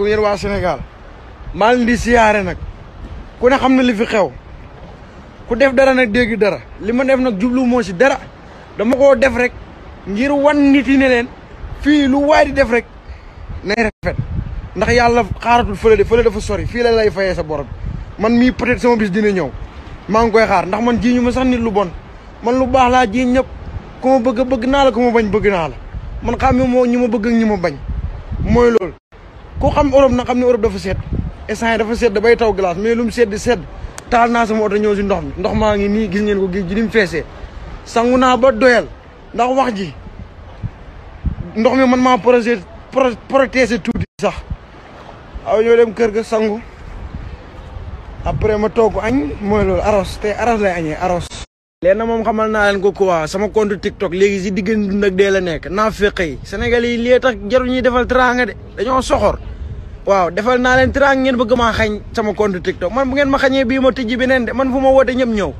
asalaamaaleykum yéen waa Sénégal maa ngi di siyaare nag ku ne xam na li fi xew ku def dara nag dégg dara li ma def nag jublu moo si dara dama ko def rek ngir wan nit yi ne leen fii lu waay di def rek nay rafet ndax yàlla xaaratul fële de fële dafa sori fii la lay fayee sa borom man mii peut-être sama bis dina ñëw maa ngi koy xaar ndax man jiiñu ma sax nit lu bon man lu baax laa jiiñ ñëpp ku ma bëgg bëgg naa la ko ma bañ bëgg naa la man xam ne moo ñi ma bëgg ak ñi ma bañ mooy ku xam Europe na xam ne Europe dafa sedd instant dafa sedd bay taw glace mais lu mu sedd sedd taal naa sama oto ñëw si ndox mi ndox maa ngi nii gis ngeen ko géej gi ni mu sangu naa ba doyal ndax wax ji ndox mi man maa projet protéger tuuti sax aw ñoo dem kër ga sangu après ma toog añ mooy loolu aros te aros lay añee aros lenn moom xamal naa leen ko quoi sama compte TikTok léegi si diggante dund ak dee nekk naa féqe yi Sénégal yi lii tax ñuy defal teraanga dañoo soxor waaw defal naa leen tiraang ngeen bëgg maa xañ sama compte TikTok man bu ngeen ma xañee bii ma tijji beneen de man fu ma woote ñëpp ñëw